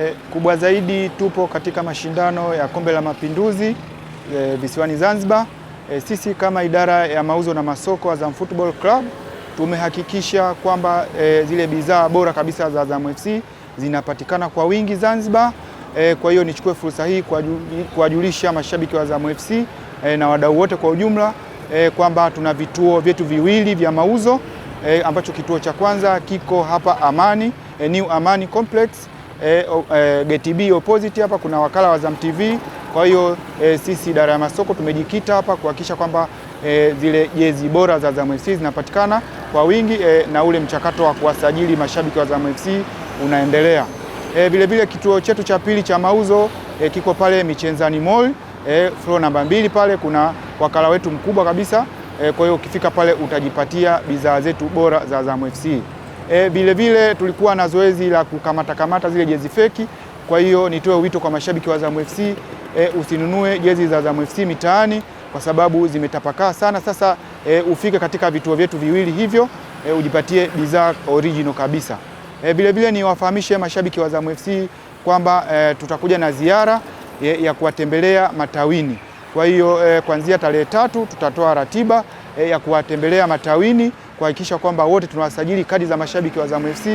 E, kubwa zaidi tupo katika mashindano ya Kombe la Mapinduzi e, visiwani Zanzibar. E, sisi kama idara ya mauzo na masoko Azam Football Club tumehakikisha kwamba e, zile bidhaa bora kabisa za Azam FC zinapatikana kwa wingi Zanzibar. E, kwa hiyo nichukue fursa hii kuwajulisha mashabiki wa Azam FC e, na wadau wote kwa ujumla e, kwamba tuna vituo vyetu viwili vya mauzo e, ambacho kituo cha kwanza kiko hapa Amani, e, New Amani Complex e, e, geti B opposite hapa kuna wakala wa Azam TV. Kwa hiyo e, sisi idara ya masoko tumejikita hapa kuhakikisha kwamba e, zile jezi bora za Azam FC zinapatikana kwa wingi e, na ule mchakato wa kuwasajili mashabiki wa Azam FC unaendelea. Vilevile vile kituo chetu cha pili cha mauzo e, kiko pale Michenzani Mall e, floor namba mbili pale kuna wakala wetu mkubwa kabisa e, kwa hiyo ukifika pale utajipatia bidhaa zetu bora za Azam FC. Vilevile vile tulikuwa na zoezi la kukamata kamata zile jezi feki. Kwa hiyo nitoe wito kwa mashabiki wa Azam FC e, usinunue jezi za Azam FC mitaani kwa sababu zimetapakaa sana. Sasa e, ufike katika vituo vyetu viwili hivyo e, ujipatie bidhaa original kabisa. Vilevile e, niwafahamishe mashabiki wa Azam FC kwamba e, tutakuja na ziara e, ya kuwatembelea matawini. Kwa hiyo e, kuanzia tarehe tatu tutatoa ratiba e, ya kuwatembelea matawini kuhakikisha kwamba wote tunawasajili kadi za mashabiki wa Azam FC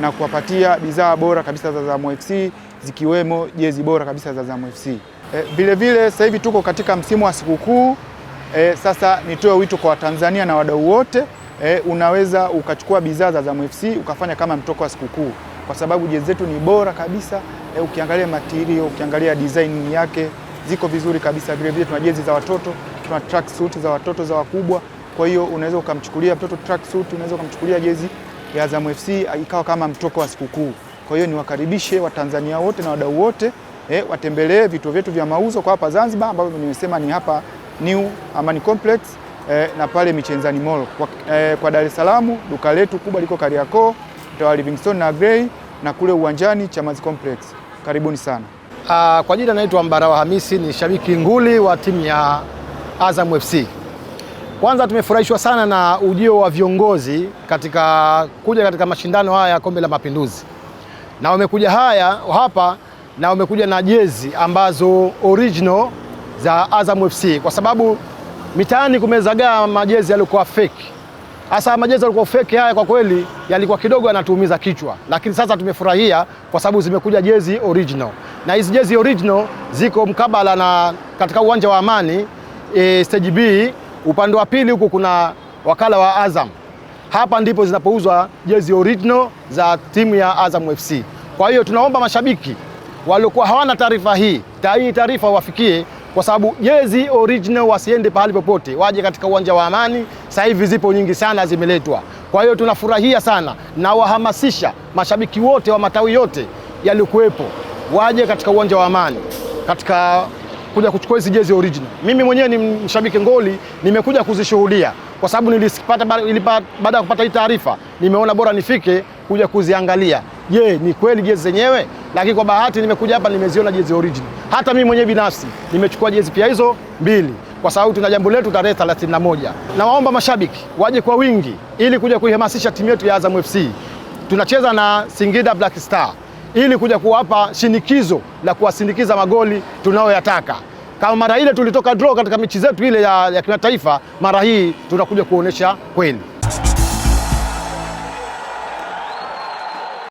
na kuwapatia bidhaa bora kabisa za Azam FC zikiwemo jezi bora kabisa za Azam FC. Eh, Vilevile vile sasa hivi tuko katika msimu wa sikukuu e, sasa nitoe wito kwa Watanzania na wadau wote e, unaweza ukachukua bidhaa za Azam FC ukafanya kama mtoko wa sikukuu kwa sababu jezi zetu ni bora kabisa e, ukiangalia material, ukiangalia design yake ziko vizuri kabisa. Vilevile tuna jezi za watoto tuna track suit za watoto za wakubwa. Kwa hiyo unaweza ukamchukulia mtoto track suit, unaweza ukamchukulia jezi ya Azam FC ah, ikawa kama mtoko wa sikukuu. Kwa hiyo niwakaribishe Watanzania wote na wadau wote eh, watembelee vituo vyetu vya mauzo kwa hapa Zanzibar ambavyo nimesema ni hapa New Amani Complex eh, na pale Michenzani Mall kwa, eh, kwa Dar es Salaam duka letu kubwa liko Kariakoo, Mtawa Livingstone na Grey na kule uwanjani Chamazi Complex. Karibuni sana. Uh, kwa jina naitwa Mbarawa Hamisi, ni shabiki nguli wa timu ya Azam FC. Kwanza tumefurahishwa sana na ujio wa viongozi katika kuja katika mashindano haya ya Kombe la Mapinduzi, na wamekuja haya hapa na wamekuja na jezi ambazo original za Azam FC, kwa sababu mitaani kumezagaa majezi yaliokuwa fake. Hasa majezi yalikuwa fake haya, kwa kweli yalikuwa kidogo yanatuumiza kichwa, lakini sasa tumefurahia kwa sababu zimekuja jezi original, na hizi jezi original ziko mkabala na katika uwanja wa Amani e, stage B upande wa pili huku kuna wakala wa Azam. Hapa ndipo zinapouzwa jezi original za timu ya Azam FC. Kwa hiyo tunaomba mashabiki waliokuwa hawana taarifa hii hii taarifa wafikie, kwa sababu jezi original wasiende pahali popote, waje katika uwanja wa Amani. Sasa hivi zipo nyingi sana zimeletwa, kwa hiyo tunafurahia sana na wahamasisha mashabiki wote wa matawi yote yaliokuwepo waje katika uwanja wa Amani katika kuja kuchukua hizi jezi original. Mimi mwenyewe ni mshabiki ngoli, nimekuja kuzishuhudia kwa sababu nilipata baada ya kupata hii taarifa, nimeona bora nifike kuja kuziangalia, je, ni kweli jezi zenyewe. Lakini kwa bahati nimekuja hapa, nimeziona jezi original. Hata mimi mwenyewe binafsi nimechukua jezi pia hizo mbili kwa sababu tuna jambo letu tarehe 31. Nawaomba mashabiki waje kwa wingi ili kuja kuihamasisha timu yetu ya Azam FC. Tunacheza na Singida Black Star ili kuja kuwapa shinikizo la kuwasindikiza magoli tunayoyataka. Kama mara ile tulitoka draw katika mechi zetu ile ya, ya kimataifa, mara hii tunakuja kuonesha kweli